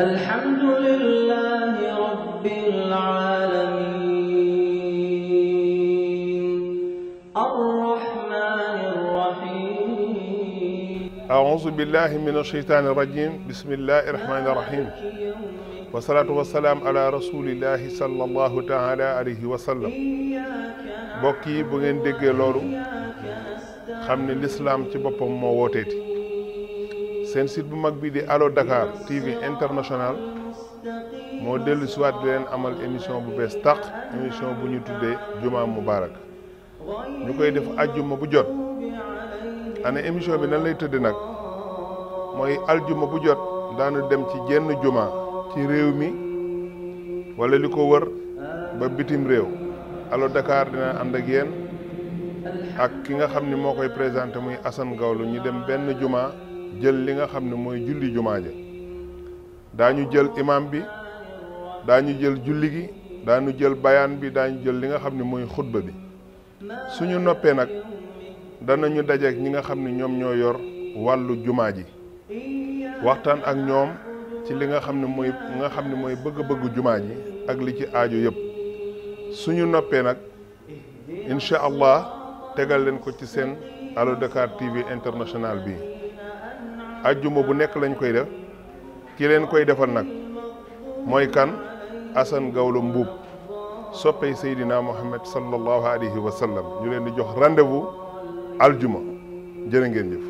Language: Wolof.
الحمد لله رب العالمين الرحمن الرحيم أعوذ بالله من الشيطان الرجيم بسم الله الرحمن الرحيم والصلاة والسلام على رسول الله صلى الله تعالى عليه وسلم بوكي بوغن ديغي لورو خامني الاسلام تي بوبام مو ووتيتي seen site bu mag bi di Allo Dakar TV international moo dellu siwaat waat leen amal émission bu bees tàq émission bu ñu tuddee Jumaa Mubarak ñu koy def ajjuma bu jot ana émission bi nan lay tëdd nag mooy aljuma bu jot daanu dem ci jenn jumaa ci réew mi wala li ko wër ba bitim réew Allo Dakar dina ànd ak ak ki nga xam ni moo koy présenté muy Assane Gawlo ñu dem benn jumaa jël li nga xam ne mooy julli jumaa ja daañu jël imam bi daañu jël julli gi daañu jël bayaan bi daañu jël li nga xam ne mooy xutba bi suñu noppee nag danañu dajeek ñi nga xam ne ñoom ñoo yor wàllu jumaa ji waxtaan ak ñoom ci li nga xam ne mooy nga xam ne mooy bëgg-bëggu jumaa ji ak li ci aajo yëpp suñu noppee nag incha allah tegal leen ko ci seen allo Dakar TV international bi ajjuma bu nekk lañ koy def ki leen koy defal nag mooy kan Assane Gawlo Mbuub soppey Seydina Muhammad sallallahu alayhi wa ñu leen di jox rendez-vous aljuma jërë ngeen jëf